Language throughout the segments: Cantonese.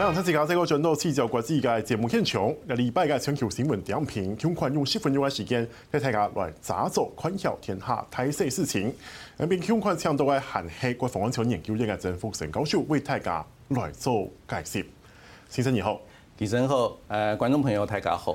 太陽測試記者郭俊聚焦國際界節目片場，今日禮拜嘅全球新聞點評，蔣昆用十分鐘嘅時間，替大家來打造全球天下大事事情。下面蔣昆請到的韓系國防安全研究院嘅曾復生教授，為大家來做介紹。先生你好，李生好，呃，觀眾朋友大家好。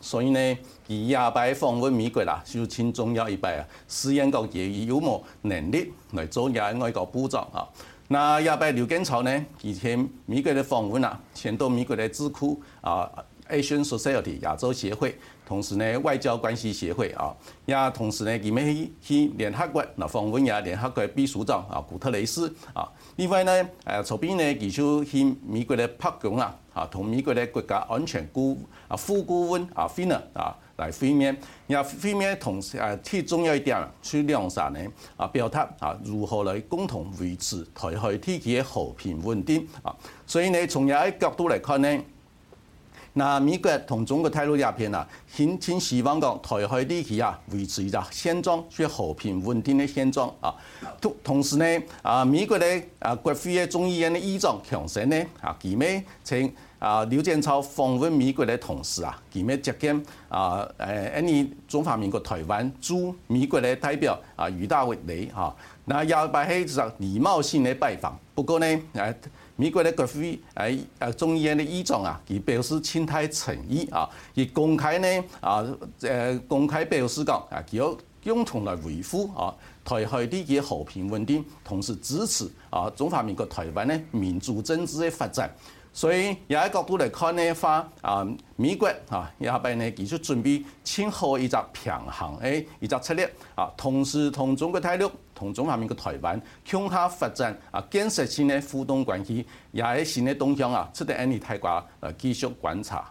所以呢，佢廿八訪問美國啦，就請中央一班啊，施展佢嘅幽默能力來做廿外交部長。啊。那廿八劉建超呢，佢前美國的訪問啊，前到美國的智庫啊，Asian Society 亞洲協會，同時呢，外交關係協會啊，也同時呢，佢咪去聯合國，那訪問啊，聯合國秘書長啊古特雷斯啊，另外呢，誒左邊呢，佢就去美國的白宮啊。啊，同美國嘅國家安全顧啊副顧問啊 Finner 啊來會面，然後會面同時最重要一點，去兩曬呢，啊表達啊如何來共同維持台海地區嘅和平穩定啊。所以你從任何角度嚟看呢，嗱美國同中國大陸入邊啊，顯然希望講台海地區啊維持一個現狀，最和平穩定嘅現狀啊。同同時呢，啊美國咧啊國會嘅眾議院嘅議長強生呢，啊，佢咪請。啊，劉建超訪問美國的同時啊，佢咪接見啊，誒，n y 中華民國台灣駐美國的代表啊，俞大㵢哈、啊。那也擺喺上禮貌性的拜訪。不過呢，誒、啊，美國的國會誒，誒，中央的議長啊，佢表示謙泰誠意啊，亦、啊、公開呢啊，誒、呃，公開表示講啊，佢要共同來維護啊，台海呢個和平穩定，同時支持啊，中華民國台灣呢民主政治的發展。所以也喺角度嚟看呢，翻啊美國啊，也俾你繼續準備，千號一個平衡誒一個策略啊，同時同中國大陸、同中華民國台灣強化發展啊，建設新的互動關係，也喺新的動向啊，值得我們大家啊，繼續觀察。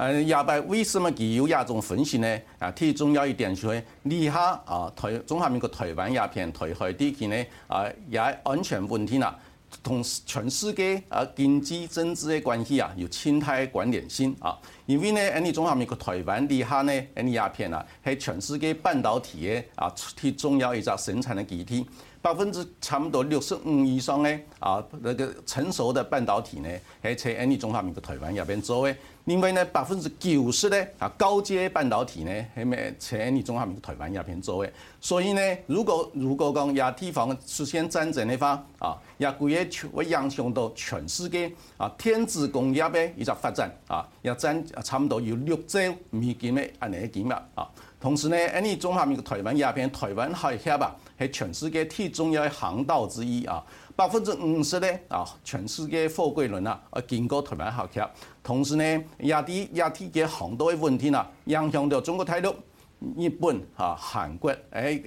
呃，亞係，為什麼佢有呢種分析呢？啊，最重要一點就係，利下啊台中華民國台灣亞太、台海地區咧啊，也安全問題呢。同全世界啊經濟政治的關係啊，有親太關聯性啊。因為呢，安你中華民國台灣利哈呢，安喺亞太啊，是全世界半導體嘅啊，最重要一個生產的基地。百分之差不多六十五以上咧，啊，那個成熟的半導體咧，喺安你中華民國台灣那邊做嘅。另外呢，百分之九十的啊，高階半導體呢，咧，喺咩安你中華民國台灣那邊做嘅。所以呢，如果如果講亞太方出現戰爭的話，啊，也會影響到全世界啊，電子工業咧，而家發展啊，也爭差不多有六兆美金安一年幾萬啊。同時呢，誒你綜合面嘅台灣鴉片，台灣海峽啊，係全世界最重要嘅航道之一啊，百分之五十呢，啊，全世界貨櫃輪啊，啊經過台灣海峽，同時呢，亞地亞鐵嘅航道嘅問題啊，影響到中國大陸日本啊，韓國誒，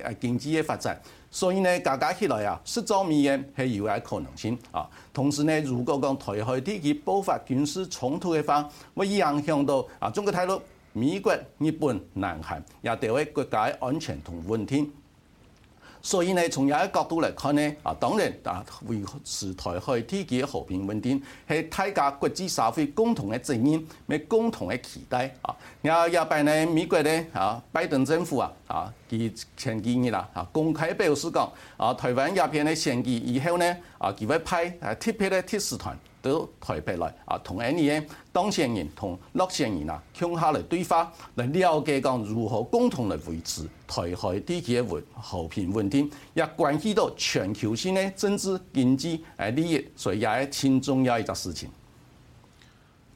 誒經濟嘅發展，所以呢，大家起來啊，失蹤迷煙係有嘅可能性啊。同時呢，如果講台海地區爆發軍事衝突嘅話，會影響到啊中國大陸美國日本南韓也調解國家安全同穩定，所以呢從有一角度來看呢，啊當然啊維持台海天氣和平穩定係大家國際社會共同嘅責任，共同嘅期待啊！又也變你美國呢，啊拜登政府啊，啊！以前幾年啦，啊公開表示講啊台灣鴉片咧，升級以後咧，啊幾位派特別咧，特使團到台北來，啊同 NAM 當上人同落上人啊，向下嚟對話，嚟了解講如何共同嚟維持台海地區嘅和，和平穩定，也關係到全球性咧政治經濟誒利益，所以也係挺重要的一個事情。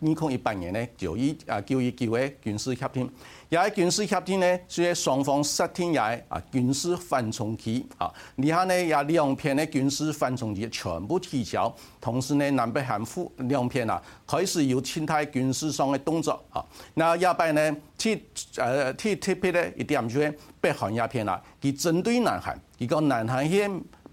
二零一八年呢，就依啊九一九咧軍事協定，也喺軍事協定呢，所以雙方失天也啊軍事緩衝區啊，以下咧也兩邊咧軍事緩衝區全部取消，同時呢，南北韓夫兩邊啊，開始有清代軍事上嘅動作啊，嗱下邊呢，鐵誒鐵鐵片呢，替替一點就係，北韓鴉片啊，佢針對南韓，佢講南韓先。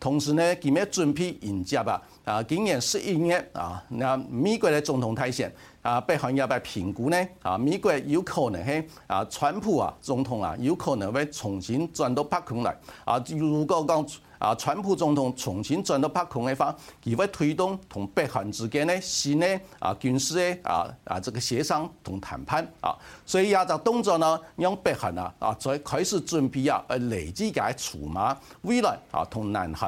同時呢，佢咩準備迎接啊？啊，今年十一月啊，那美國嘅總統大選啊，北韓又咪評估咧？啊，美國有可能係啊，川普啊總統啊，有可能會重新轉到北韓來。啊，如果講啊，川普總統重新轉到北韓嘅話，佢會推動同北韓之間呢新嘅啊，軍事嘅啊啊，這個協商同談判啊。所以也就動作呢，讓北韓啊啊，再開始準備啊，去累清佢嘅籌碼未來啊，同南韓。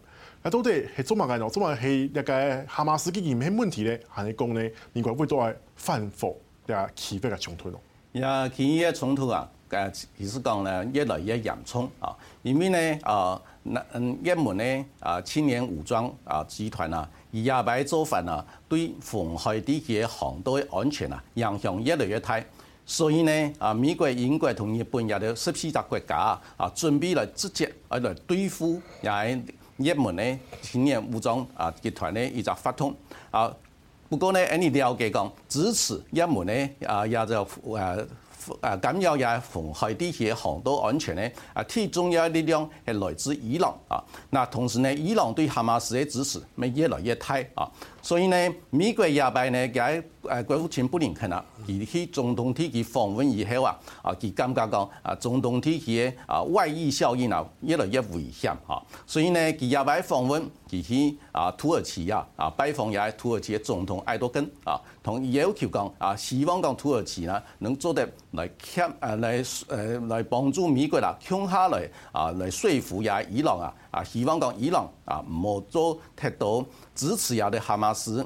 啊！到底係做乜嘅？咯，做乜係一個哈馬斯嘅嚴重問題咧？係，你講咧，美國會都係反覆啊，起飛嘅衝突咯。而家起嘢衝突啊，誒其實講咧越來越嚴重啊，因為咧啊，南嗯也門咧啊，青年武裝啊集團啊，二廿排做法啊，對紅海地區嘅航道安全啊，影響越來越大，所以咧啊，美國、英國同日本也嘅十四個國家啊，準備嚟直接嚟對付也。也門咧，青年武裝啊，集團呢一直發通啊。不過呢，你了解講支持也門呢，啊，也就誒誒，緊也妨害啲嘢航道安全呢。啊，最重要嘅力量係來自伊朗啊。嗱，同時呢，伊朗對哈馬斯嘅支持咪越來越大啊。所以呢，美國也擺咧喺國務卿布林肯啦，其去中東地區訪問以後啊，啊，佢感覺講啊，中東地區的啊外溢效應啊，越來越危險啊。所以呢，佢也擺訪問，其去啊土耳其啊，拜訪也係土耳其的總統艾多根啊，同要求講，啊，希望講土耳其呢，能做得來，吸呃，來，呃，來幫助美國啦，強下來，啊，啊、來說服也伊朗啊。啊，希望講伊朗啊莫做太多支持下啲哈馬斯，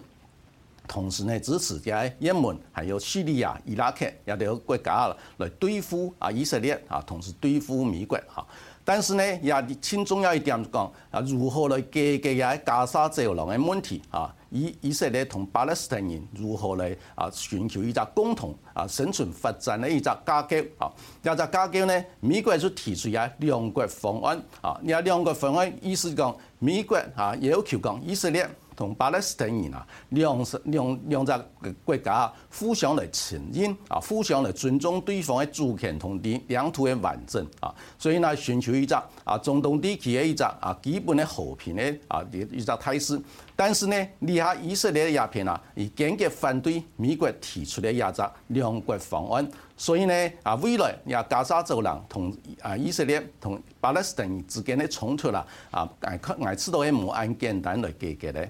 同時呢支持嘅喺也門，還有敘利亞、伊拉克一啲國家啦，嚟對付啊以色列啊，同時對付美國哈。但是呢，也挺重要一點講，啊，如何來解決也喺加沙走廊嘅問題啊？以以色列同巴勒斯坦人如何嚟啊尋求一個共同啊生存發展嘅一個架構啊？呢個架構呢，美國就提出也兩國方案啊，呢個兩國方案意思講，美國啊要求講以色列。同巴勒斯坦人啊，兩兩兩個國家啊，互相嚟承認啊，互相嚟尊重對方的主權同啲疆土的完整啊，所以呢，尋求一個啊，中東地區區的一個啊，基本的和平的啊，一個啊一個態勢。但是呢，你喺以色列的鴉片啊，而堅決反對美國提出嘅一個兩國方案，所以呢，啊，未來也加沙走廊同啊以色列同巴勒斯坦人之間嘅衝突啦，啊，啊，危危次都係冇按簡單來解決嘅。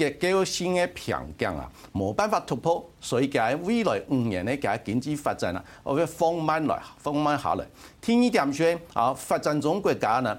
嘅高新嘅瓶頸啊，冇辦法突破，所以喺未來五年咧，喺經濟發展啦，我要放慢來，放慢下來。聽你點說啊？發展中國家呢？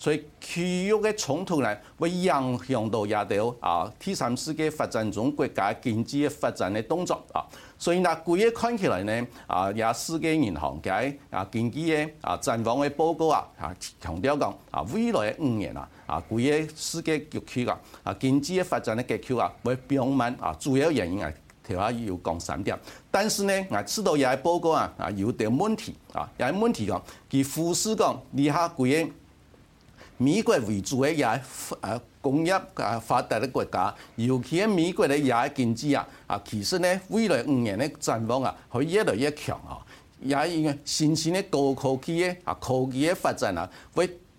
所以區域的衝突呢，會影響到亞洲啊，第三世界發展中國家經濟的發展的動作啊。所以呢，貴嘅看起來呢，啊，也世界銀行嘅啊，經濟的啊，展望的報告啊，啊，強調講啊，未來五年啊，啊，貴嘅世界地區啊，啊，經濟的發展的格局啊，會變慢啊。主要原因啊，條下要講三點。但是呢，啊，知道也係報告啊，啊，有點問題啊，有啲問題嘅，其富士講以下佢嘅。美國為主嘅也誒工業誒發達嘅國家，尤其喺美國咧，也經濟啊，啊其實咧，未來五年咧，展望啊，會越來越強啊，也因為新型的高科技嘅啊科技嘅發展啊，會。